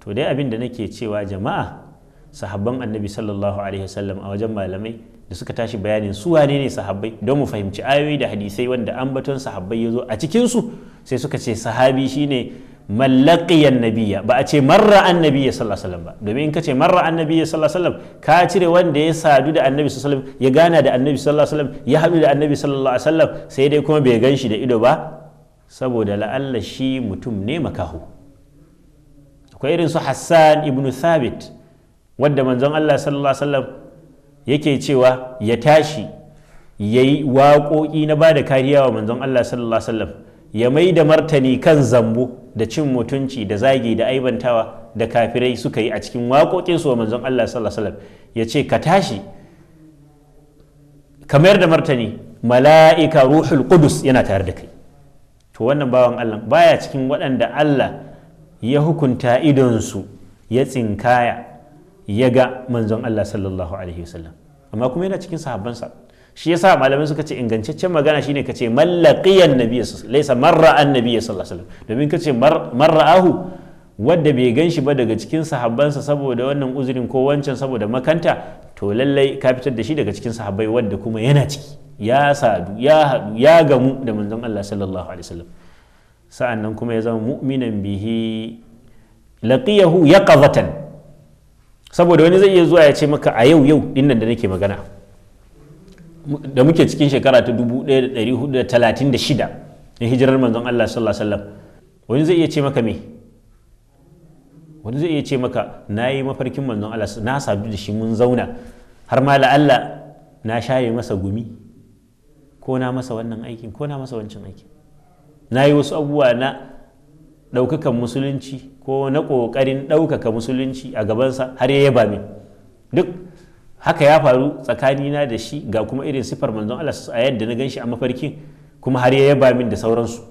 to dai abin da nake cewa jama'a sahabban annabi sallallahu alaihi wasallam a wajen malamai da suka tashi bayanin su wane ne sahabbai don mu fahimci ayoyi da hadisai wanda ambaton sahabbai ya zo a cikinsu sai suka ce sahabi shine mallaqiyan nabiyya ba a ce marra annabi sallallahu alaihi wasallam ba domin in ka ce marra annabi sallallahu alaihi wasallam ka cire wanda ya sadu da annabi sallallahu alaihi wasallam ya gana da annabi sallallahu alaihi wasallam ya haɗu da annabi sallallahu alaihi wasallam sai dai kuma bai gan shi da ido ba saboda la'alla shi mutum ne makaho akwai irin su hassan ibn thabit wadda manzon allah sallallahu alaihi wasallam yake cewa ya tashi ya yi waƙoƙi na ba da kariya wa manzon allah sallallahu wasallam ya mai da martani kan zambo da cin mutunci da zagi da aibantawa da kafirai suka yi a cikin waƙoƙinsu wa manzon Allah sallallahu alaihi ya ce ka tashi kamar da martani mala'ika ruhul qudus yana tare da kai to wannan bawan Allah baya cikin waɗanda Allah ya hukunta idonsu ya tsinkaya ya ga manzon Allah sallallahu alaihi wasallam amma kuma yana cikin sahabbansa shi yasa malamai suka ce ingantaccen magana shine kace mallaqiyan nabiyyi laysa marra annabiyyi sallallahu alaihi wasallam domin kace marra'ahu wadda bai gan shi ba daga cikin sahabbansa saboda wannan uzurin ko wancan saboda makanta to lallai ka fitar da shi daga cikin sahabbai wadda kuma yana ciki ya sadu ya ya gamu da manzon Allah sallallahu alaihi wasallam sa'an nan kuma ya zama mu'minan bihi laqiyahu ƙazatan. saboda wani zai iya zuwa ya ce maka a yau yau dinnan da nake magana da muke cikin shekara ta 1436 na hijirar manzon Allah sallallahu alaihi wasallam wani zai iya ce maka me wani zai iya ce maka na yi mafarkin manzon Allah na sadu da shi mun zauna har ma la'alla na shaye masa gumi ko na masa wannan aikin ko na masa wancan aikin na yi wasu abubuwa na ɗaukakan musulunci ko na ƙoƙarin ɗaukaka musulunci a gabansa har ya yaba min duk haka ya faru tsakanina da shi ga kuma irin siffar manzon Allah a yadda na ganshi a mafarkin kuma har ya yaba min da sauransu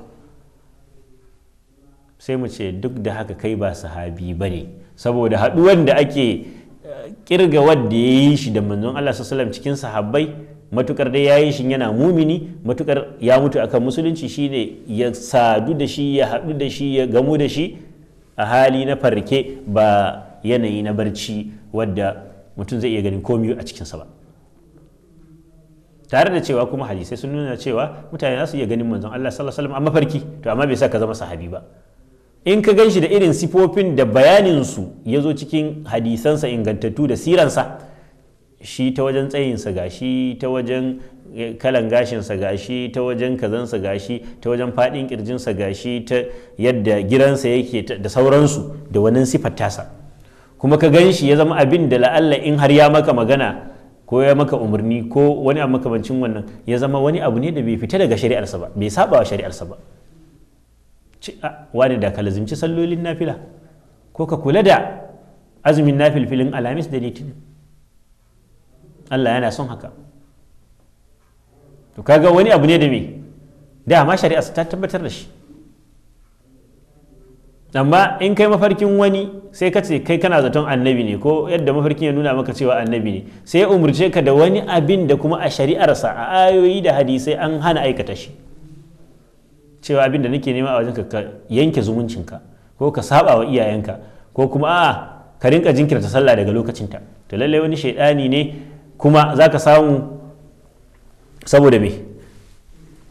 sai mu ce duk da haka kai ba sahabi ba ne saboda haɗuwan da ake eh, kirga wadda ya yi shi da manzon Allah cikin sahabbai matukar dai ya yi shi yana mumini matukar ya mutu akan musulunci shine ya sadu da shi ya haɗu da shi ya gamu da shi a hali na farke ba yanayi na barci wadda mutum zai iya ganin komi a cikinsa ba tare da cewa kuma hadisai sun nuna cewa mutane za su iya ganin manzon Allah sallallahu alaihi wasallam a mafarki to amma bai sa ka zama sahabi ba in ka ganshi da irin sifofin da bayanin su ya zo cikin hadisansa ingantattu da siransa shi ta wajen tsayinsa gashi ta wajen eh, kalan gashinsa gashi ta wajen kazansa gashi ta wajen faɗin ƙirjinsa gashi ta yadda giransa yake da sauransu da wani sifar tasa kuma ka gan shi ya zama abin da la'alla in har ya maka magana ko ya maka umarni ko wani abu makamancin wannan ya zama wani abu ne da bai fita daga shari'arsa ba bai saba wa shari'arsa ba ci a wani da ka lazimci sallolin nafila ko ka kula da azumin nafilfilin alhamis da litinin Allah yana son haka to kaga wani abu ne da me da amma shari'a ta tabbatar da shi amma in kai mafarkin wani sai ka ce kai kana zaton annabi ne ko yadda mafarkin ya nuna maka cewa annabi ne sai ya umurce ka da wani abin da kuma a shari'arsa a ayoyi da hadisai an hana aikata shi cewa abin da nake nema a wajen ka yanke zumuncinka ko ka saba wa iyayenka ko kuma a ka rinka jinkirta sallah daga lokacinta to lallai wani shaidani ne kuma za ka samu saboda me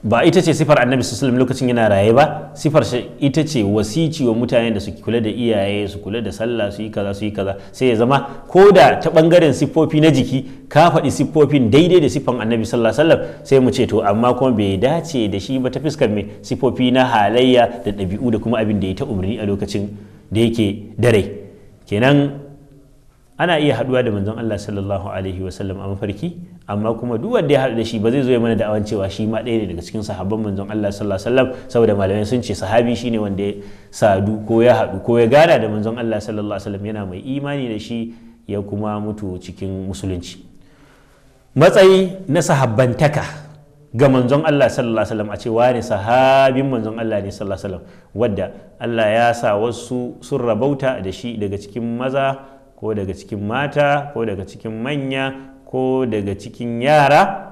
ba ita ce siffar annabi sallallahu lokacin yana raye ba Siffar shi ita ce wasici wa mutane da su kula da iyaye su kula da sallah su yi kaza su yi kaza sai ya zama ko da ta bangaren siffofi na jiki ka faɗi siffofin daidai da siffan annabi sallallahu alaihi wasallam sai mu ce to amma kuma bai dace da shi ba ta fuskar me siffofi na halayya da ɗabi'u da kuma abin da ya ta umarni a lokacin da yake dare kenan ana iya haduwa da manzon Allah sallallahu alaihi wasallam a mafarki amma kuma duk wanda ya haɗu da shi ba zai zo ya mana da'awan cewa shi ma ɗaya ne daga cikin sahabban manzon Allah sallallahu alaihi wasallam saboda malamai sun ce sahabi shine wanda ya sadu ko ya haɗu ko ya gana da manzon Allah sallallahu alaihi wasallam yana mai imani da shi ya kuma mutu cikin musulunci matsayi na sahabbantaka ga manzon Allah sallallahu alaihi wasallam a ce wani sahabin manzon Allah ne sallallahu alaihi wasallam wadda Allah ya sa wasu sun rabauta da shi daga cikin maza ko daga cikin mata ko daga cikin manya ko daga cikin yara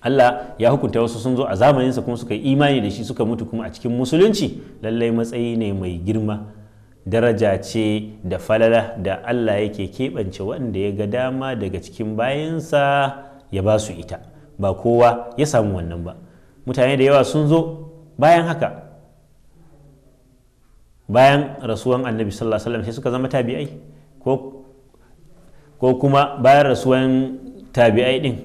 Allah ya hukunta wasu sun zo a zamaninsa kuma suka yi imani da shi suka mutu kuma a cikin musulunci lallai matsayi ne mai girma daraja ce da falala da Allah yake keɓance wanda ya ga dama daga cikin bayansa ya ba su ita ba kowa ya samu wannan ba mutane da yawa sun zo bayan haka bayan rasuwan annabi sallallahu alaihi wasallam sai suka zama tabi'ai ko kuma bayan rasuwan tabi'ai din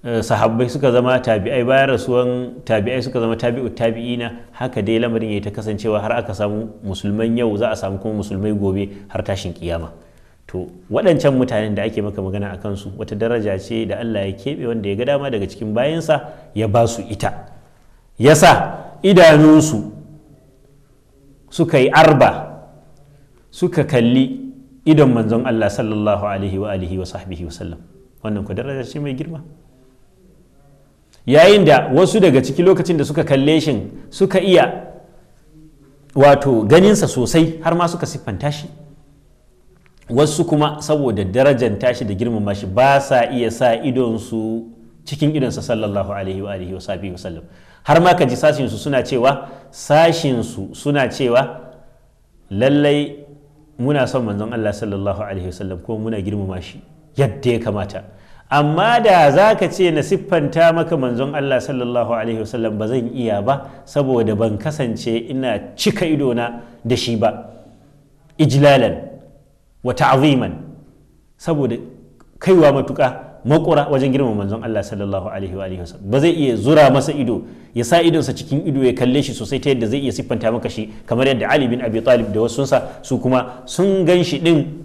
eh, sahabbai suka zama tabi'ai bayan rasuwan tabi'ai suka zama tabi'u tabi'ina haka dai lamarin ya ta kasancewa har aka samu musulman yau za a samu kuma musulmai gobe har tashin kiyama to waɗancan mutanen da ake maka magana a kansu wata daraja ce da Allah ya keɓe wanda ya ga dama daga cikin bayansa ya ba su ita yasa idanunsu suka yi arba suka kalli idon manzon Allah sallallahu alaihi wa alihi wa sahbihi wa sallam wannan ku daraja ce mai girma yayin da wasu daga ciki lokacin da suka kalle shi suka iya wato ganinsa sosai har ma suka siffanta shi wasu kuma saboda darajan tashi da girmama shi ba sa iya sa idonsu cikin idonsa sallallahu alaihi wa alihi wa sahbihi wa sallam har ma ka ji sashinsu suna cewa sashinsu suna cewa lallai muna son manzon Allah sallallahu alaihi wasallam ko muna girmama shi yadda ya kamata amma da za ka ce na siffanta maka manzon Allah sallallahu alaihi wasallam ba zan iya ba saboda ban kasance ina cika idona da shi ba ijlalan wa ta'ziman saboda kaiwa matuƙa makura wajen girmama manzon Allah sallallahu alaihi wa alihi wasallam ba zai iya zura masa ido ya sa idonsa cikin ido ya kalle shi sosai ta yadda zai iya siffanta maka shi kamar yadda Ali bin Abi Talib da wasunsa su kuma sun gan shi din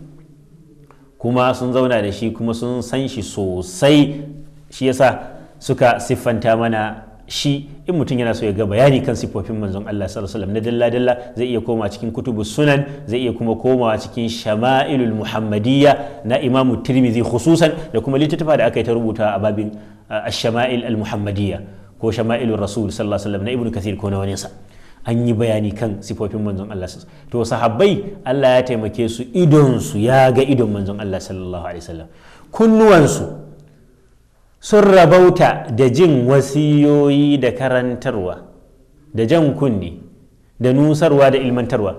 kuma sun zauna da shi kuma sun san shi sosai shi yasa suka siffanta mana shi in mutum yana so ya ga bayani kan sifofin manzon Allah sallallahu alaihi na dalla dalla zai iya koma cikin kutubu sunan zai iya kuma komawa cikin shama'ilul muhammadiyya na imamu tirmidhi khususan da kuma littattafa da aka yi ta rubuta a babin ash-shama'il al-muhammadiyya ko shama'ilur rasul sallallahu alaihi wasallam na ibnu kathir ko na wani sa an yi bayani kan sifofin manzon Allah to sahabbai Allah ya taimake su idon su ya ga idon manzon Allah sallallahu alaihi wasallam kunnuwansu sun rabauta da jin wasiyoyi da karantarwa da jan kunni da nusarwa da ilmantarwa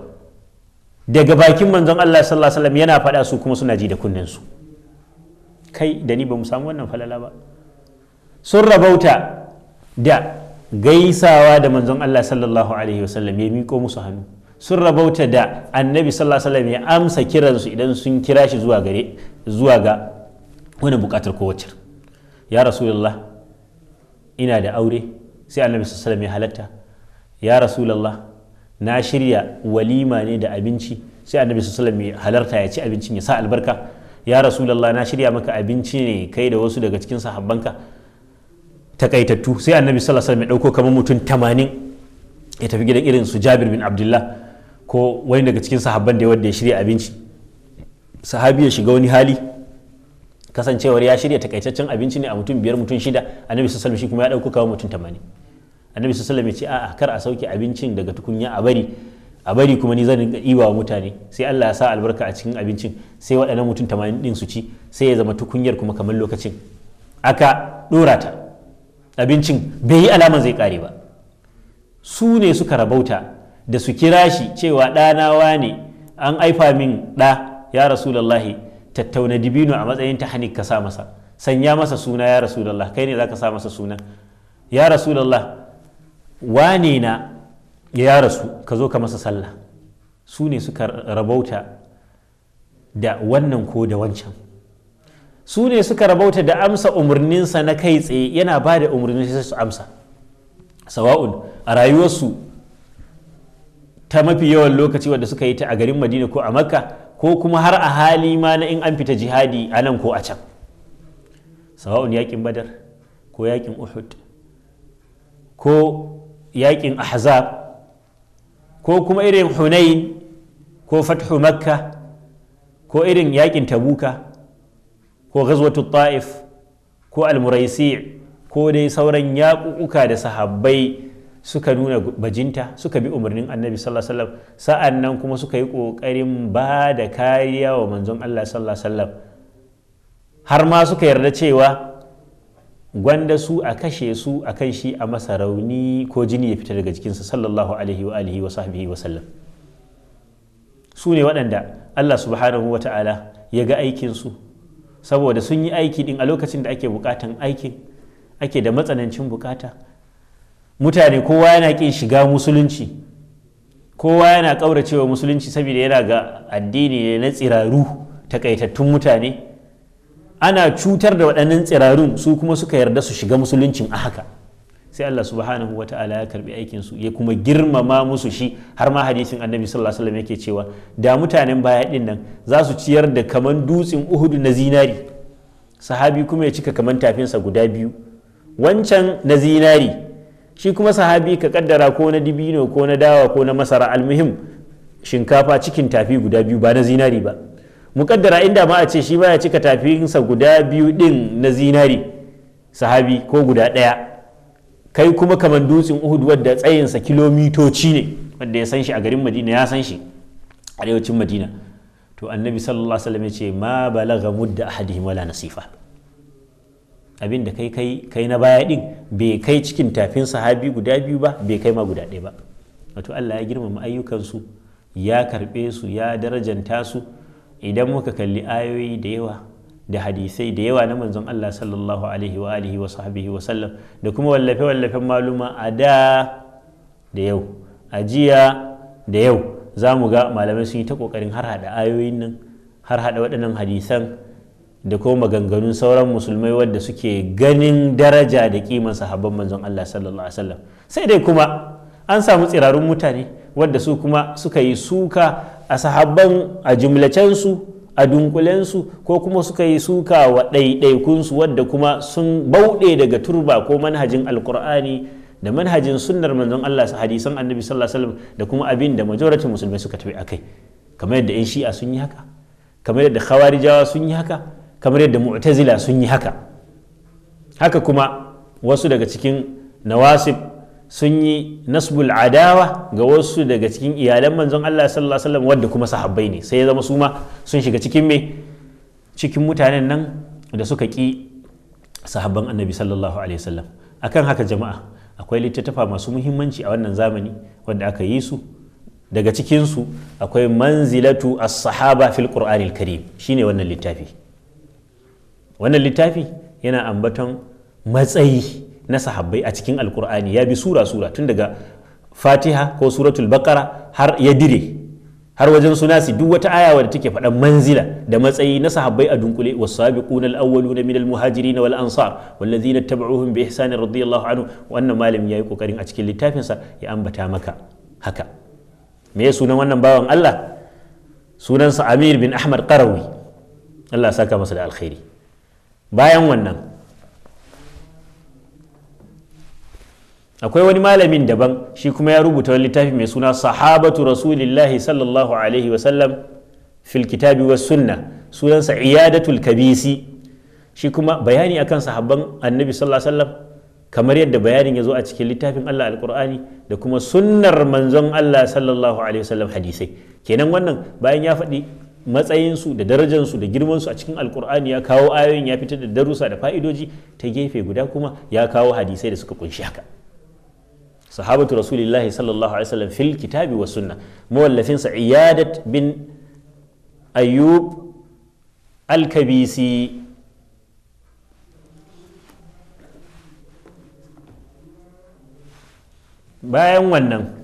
daga bakin manzon Allah sallallahu alaihi wasallam yana faɗa su kuma suna ji da kunninsu kai da ni ba mu samu wannan falala ba sun rabauta da gaisawa da manzon Allah sallallahu alaihi wasallam ya miko musu hannu sun rabauta da annabi sallallahu alaihi wasallam ya amsa kiransu idan sun kira shi zuwa gare zuwa ga wani bukatar kowace ya rasulallah ina da aure sai annabi sallallahu ya halatta ya rasulallah na shirya walima ne da abinci sai annabi sallallahu ya halarta ya ci abincin ya sa albarka ya rasulallah na shirya maka abinci ne kai da wasu daga cikin sahabbanka takaitattu sai annabi sallallahu alaihi ya dauko kamar mutum tamanin. ya tafi gidan irin su Jabir bin Abdullah ko wani daga cikin sahabban da wanda ya shirya abinci sahabi ya shiga wani hali kasancewar ya shirya takaitaccen abinci ne a mutum biyar mutum shida annabi sallallahu shi kuma ya dauko kawo mutum tamanin annabi sallallahu ya ce a'a kar a sauke abincin daga tukunya a bari a bari kuma ni zan dinga ɗiba wa mutane sai Allah ya sa albarka a cikin abincin sai waɗannan mutum tamanin din su ci sai ya zama tukunyar kuma kamar lokacin aka ɗora ta abincin bai yi alama zai kare ba su ne suka rabauta da su kira shi cewa ɗanawa ne an aifa min ɗa ya rasulallahi tattauna dibino a matsayin ta tahanik ka sa masa sanya masa suna ya rasulallah kai ne za ka sa masa suna ya rasulallah wane na ya rasu ka zo ka masa sallah su ne suka rabauta da wannan ko da wancan su ne suka rabauta da amsa umarninsa na kai tsaye yana ba da umarnin su amsa sawa'un a rayuwarsu ta mafi yawan lokaci wadda suka yi ta a garin madina ko a makka ko kuma har a hali ma na in an fita jihadi a nan ko a can sawa'un yakin badar ko yakin uhud ko yakin ahzab ko kuma irin hunain ko fathu makka ko irin yakin tabuka ko ghazwatu ta'if ko almuraisi ko dai sauran yaƙuƙuka da sahabbai suka nuna bajinta suka bi umarnin annabi sallallahu alaihi wasallam sa'an nan kuma suka yi ƙoƙarin ba da kariya wa manzon Allah sallallahu alaihi wasallam har ma suka yarda cewa gwanda su a kashe su a kan shi a masa rauni ko jini ya fita daga jikinsa sallallahu alaihi wa alihi wa sahbihi wa sallam su ne waɗanda Allah subhanahu wa ta'ala ya ga aikin su saboda sun yi aiki din a lokacin da ake bukatan aikin ake da matsanancin bukata mutane kowa yana ƙin shiga musulunci kowa yana ƙauracewa musulunci saboda yana ga addini ne na tsiraru takaitattun mutane ana cutar da waɗannan tsirarun su kuma suka yarda su shiga musuluncin a haka sai Allah subhanahu wa ta'ala ya karbi aikin su ya kuma girmama musu shi har ma hadisin annabi sallallahu alaihi wasallam yake cewa da mutanen baya din nan za su ciyar da kaman dutsin Uhud na zinari sahabi kuma ya cika kaman tafinsa guda biyu wancan na zinari shi kuma sahabi ka kaddara ko na dibino ko na dawa ko na masara almuhim shinkafa cikin tafi guda biyu ba na zinari ba mu kaddara inda ma a ce shi baya cika tafinsa guda biyu din na zinari sahabi ko guda ɗaya kai kuma kamar dutsen uhud wadda tsayinsa kilomitoci ne wanda ya san shi a garin madina ya san shi arewacin madina to annabi sallallahu alaihi wasallam ya ce ma balagha mudda ahadihim wala nasifa abin da kai kai kai na baya din bai kai cikin tafin sahabi guda biyu ba bai kai ma guda ɗaya ba wato Allah ya girmama ayyukansu ya karɓe su ya darajanta su idan muka kalli ayoyi da yawa da hadisai da yawa na manzon Allah sallallahu alaihi wa alihi wa sahbihi wa sallam da kuma wallafe wallafen maluma a da da yau a jiya da yau za mu ga malamai sun yi ta kokarin har hada ayoyin nan har hada waɗannan hadisan da kuma maganganun sauran musulmai wadda suke ganin daraja da kiman sahabban manzon Allah sallallahu alaihi wasallam sai dai kuma an samu tsirarun mutane wadda su kuma suka yi suka a sahabban a jumlacensu a dunkulensu ko kuma suka yi suka wa ɗaiɗaikunsu wadda kuma sun bauɗe daga turba ko manhajin alkur'ani da manhajin sunnar manzon Allah su hadisan annabi sallallahu alaihi wasallam da kuma abin da musulmai suka tafi akai kamar yadda yan shi'a sun yi haka kamar yadda khawarijawa sun yi haka kamar yadda mu'tazila sun yi haka haka kuma wasu daga cikin nawasib sun yi nasbul adawa ga wasu daga cikin iyalan manzon Allah sallallahu alaihi wasallam wanda kuma sahabbai ne sai ya zama su ma sun shiga cikin me cikin mutanen nan da suka ki sahabban annabi sallallahu alaihi wasallam akan haka jama'a akwai littattafa masu muhimmanci a wannan zamani wanda aka yi su daga cikinsu akwai manzilatu as-sahaba fil qur'anil karim shine wannan littafi wannan littafi yana ambaton matsayi na sahabbai a cikin alkur'ani ya bi sura sura tun daga fatiha ko suratul bakara har ya dire har wajen suna duk wata ayawa da take faɗan manzila da matsayi na sahabbai a dunkule wasabiqun al-awwaluna na al-muhajirin wal ansar wallazina tabi'uhum bi ihsani radiyallahu anhu wannan malam yi kokarin a cikin littafinsa ya ambata maka haka me sunan wannan bawan Allah sunansa Amir bin Ahmad Qarawi Allah saka masa da alkhairi bayan wannan akwai wani malamin daban shi kuma ya rubuta wani littafi mai suna sahabatu rasulillahi sallallahu alaihi wasallam fil kitabi wa sunna sunansa iyadatul kabisi shi kuma bayani akan sahabban annabi sallallahu alaihi wasallam kamar yadda bayanin ya zo a cikin littafin Allah alkur'ani da kuma sunnar manzon Allah sallallahu alaihi wasallam hadisai kenan wannan bayan ya faɗi matsayinsu da darajansu da girmansu a cikin alkur'ani ya kawo ayoyin ya fitar da darussa da fa'idoji ta gefe guda kuma ya kawo hadisai da suka kunshi haka sahabatu rasulillahi sallallahu alaihi wasallam fil kitabi wa sunna mawallafin sa iyadat bin ayyub al-kabisi bayan wannan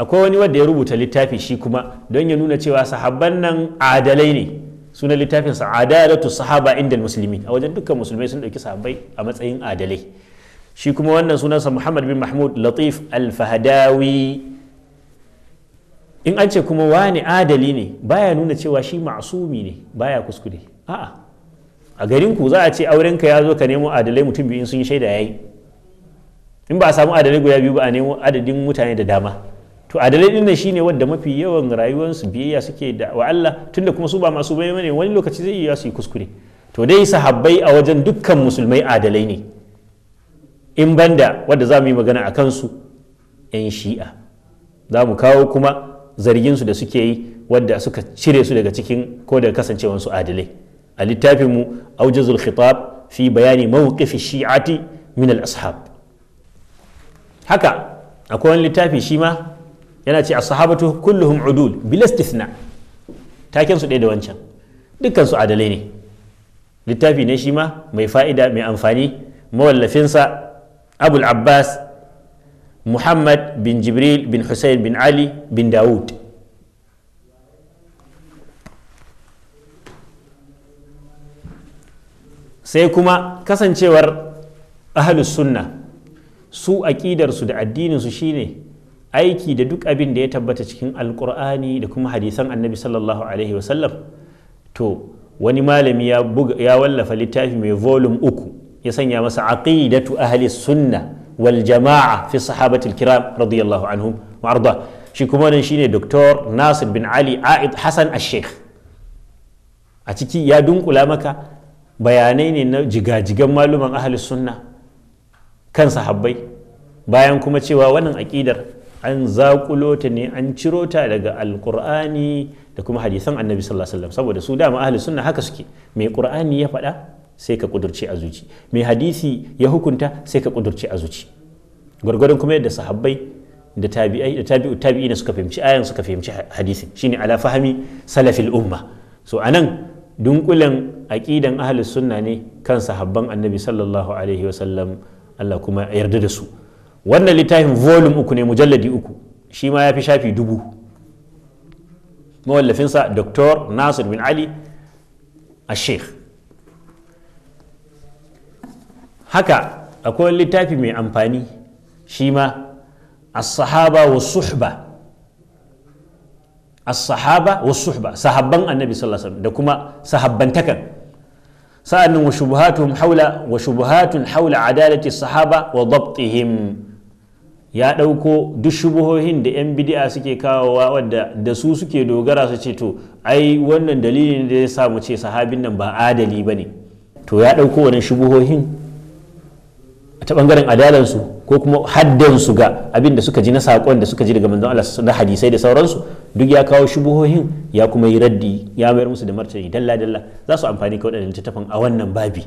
akwai wani wanda ya rubuta littafi shi kuma don ya nuna cewa sahabban nan adalai ne Suna littafin sa adalatu sahaba inda musulmi a wajen dukkan musulmai sun dauki sahabbai a matsayin adalai shi kuma wannan sunansa Muhammad bin Mahmud Latif al-Fahadawi in an ce kuma wani adali ne baya nuna cewa shi ma'asumi ne baya kuskure a'a a garin ku za a ce aurenka ya zo ka nemo adalai mutum biyu in sun yi shaida yayi in ba a samu adalai guda biyu ba a nemo adadin mutane da dama to adalai shi shine wanda mafi yawan rayuwarsu biyayya suke da wa Allah tunda kuma su ba masu bai ne wani lokaci zai iya su yi kuskure to dai sahabbai a wajen dukkan musulmai adalai ne in banda wanda za mu yi magana a kansu 'yan shi'a za mu kawo kuma zarginsu da suke yi wadda suka cire su daga cikin ko daga kasancewansu adalai a littafin mu, aujazul khitab fi bayani mawqifi shi'ati min al-ashab haka akwai wani littafi shi ma yana ce a sahabatu kulluhum udul bil istithna taken su da wancan dukkan su adalai ne littafi ne shi ma mai fa'ida mai amfani mawallafinsa abul abbas muhammad bin jibril bin hussein bin ali bin dawud sai kuma kasancewar ahalus sunna su aƙidarsu da addininsu shine aiki da duk abin da ya tabbata cikin alkur'ani da kuma hadisan annabi sallallahu alaihi wasallam to wani malami ya wallafa littafi mai volume uku ya sanya masa aqidatu ahli sunna wal jama'a fi sahabatil kiram radiyallahu anhum wa arda shi kuma nan shine doktor Nasir bin Ali Aid Hassan Ash-Sheikh a ciki ya dunkula maka bayanai ne na jigajigan maluman ahli sunna kan sahabbai bayan kuma cewa wannan aƙidar an zaƙulo ta ne an ciro ta daga alƙur'ani da kuma hadisan annabi sallallahu alaihi saboda su dama ahli sunna haka suke mai ƙur'ani ya faɗa sai ka kudurce a zuci mai hadisi ya hukunta sai ka ƙudurci a zuci gwargwadon kuma yadda sahabbai da tabi'ai da tabi'u tabi'ina suka fahimci ayan suka fahimci hadisi shine ala fahmi salafil umma so anan dunkulen aqidan ahli sunna ne kan sahabban annabi sallallahu alaihi wasallam Allah kuma yarda da su wannan littafin volume uku ne mujalladi uku shi ma ya fi shafi dubu mawallafinsa dr nasir bin ali a sheikh haka akwai littafi mai amfani shi ma as-sahaba wa suhba as-sahaba wa suhba sahabban annabi sallallahu alaihi da kuma sahabbantakan sa'annan wa shubuhatun haula wa shubuhatun haula adalati sahaba wa dabtihim ya ɗauko duk shubuhohin da 'yan bidi'a suke kawowa wadda da su suke dogara su ce to ai wannan dalilin da ya samu ce sahabin nan ba adali ba ne to ya ɗauko wannan shubuhohin ta ɓangaren adalansu ko kuma haddansu ga abin da suka ji na saƙon da suka ji daga manzon Allah na hadisai da sauransu duk ya kawo shubuhohin ya kuma yi raddi ya mayar musu da martani dalla dalla za su amfani ka waɗannan littattafan a wannan babi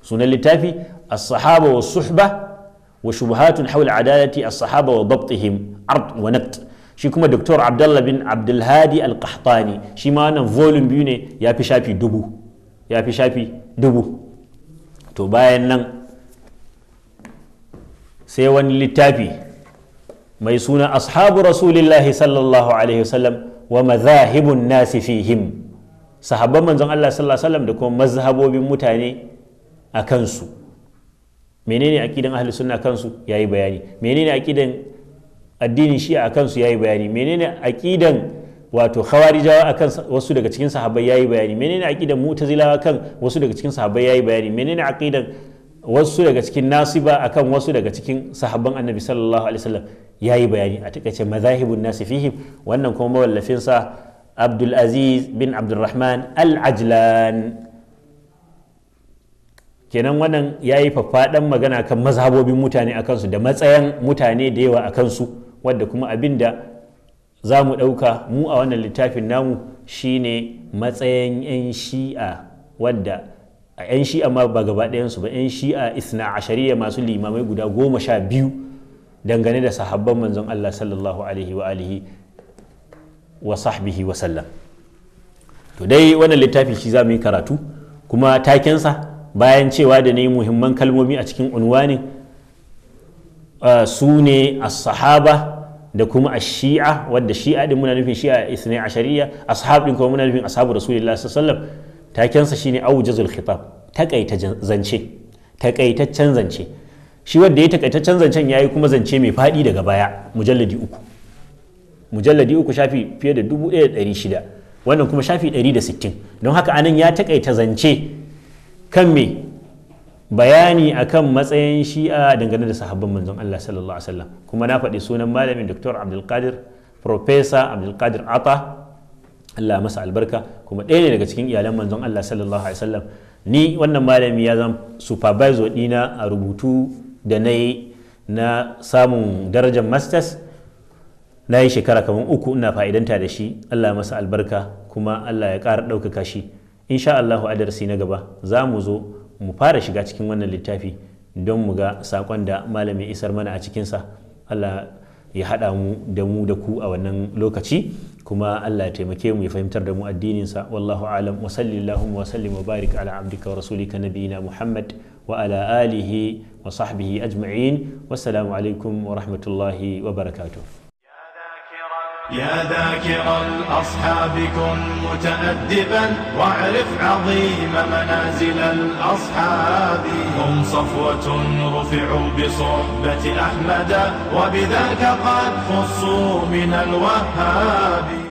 sunan littafi as-sahaba was suhba wa shubuhatun hawla adalati a sahaba wa dabtihim ard wa naqd shi kuma Dr. abdul bin Abdulhadi Al-Qahtani shi ma wannan volume biyu ne ya fi shafi dubu ya fi shafi dubu to bayan nan sai wani littafi mai suna ashabu rasulillahi sallallahu alaihi wasallam wa mazahibun nasi fihim sahabban manzon Allah sallallahu alaihi wasallam da kuma mazhabobin mutane a kansu menene akidan ahli sunna kansu yayi bayani menene akidan addinin shi a kansu yayi bayani menene akidan wato khawarijawa akan wasu daga cikin sahabbai yayi bayani menene akidan mu'tazilawa kan wasu daga cikin sahabbai yayi bayani menene akidan wasu daga cikin nasiba akan wasu daga cikin sahabban annabi sallallahu alaihi wasallam yayi bayani a takaice mazahibun nasi fihim wannan kuma mawallafin sa Abdul Aziz bin Abdulrahman Al-Ajlan kenan wannan ya yi faffaɗan magana kan mazhabobin mutane a kansu da matsayin mutane da yawa a kansu wadda kuma abin da za mu ɗauka mu a wannan littafin namu shine matsayin 'yan shi'a wadda a 'yan shi'a ma ba gaba ɗayansu ba 'yan shi'a isna ashariya masu limamai guda goma sha biyu dangane da sahabban manzon Allah sallallahu alaihi wa alihi wa sahbihi wa sallam to dai wannan littafin shi za mu yi karatu kuma takensa bayan cewa da yi muhimman kalmomi a cikin unwani su ne a sahaba da kuma a shia wadda shi'a din muna nufin shi'a shari'a. shari'a ashab din kuma muna nufin ashabu rasulullahi sallallahu alaihi wasallam takensa shine awjazul khitab takaita zance takaitaccen zance shi wanda ya takaitaccen zancen yayi kuma zance mai faɗi daga baya mujalladi uku mujalladi uku shafi fiye da 1600 wannan kuma shafi ɗari sittin don haka anan ya takaita zance kan me bayani akan matsayin shi'a dangane da sahabban manzon Allah sallallahu alaihi wasallam kuma na faɗi sunan malamin Dr. Abdul Qadir Professor Abdul Qadir Ata Allah masa albarka kuma ɗaya ne daga cikin iyalan manzon Allah sallallahu alaihi wasallam ni wannan malami ya zama supervisor ɗina a rubutu da na yi na samun darajar masters na yi shekara kamar uku ina fa'idanta da shi Allah masa albarka kuma Allah ya ƙara ɗaukaka shi insha Allahu a darasi na gaba za mu zo mu fara shiga cikin wannan littafi don mu ga sakon da malamin isar mana a cikinsa Allah ya haɗa mu da mu da ku a wannan lokaci kuma Allah taimake mu ya fahimtar da mu addininsa wallahu alam wa sallallahu wa sallim wa barik ala abdika wa rasulika nabiyina Muhammad wa ala alihi wa sahbihi ajma'in wassalamu alaikum wa rahmatullahi wa barakatuh يا ذاكر الأصحاب كن متأدبا واعرف عظيم منازل الأصحاب هم صفوة رفعوا بصحبة أحمد وبذاك قد خصوا من الوهاب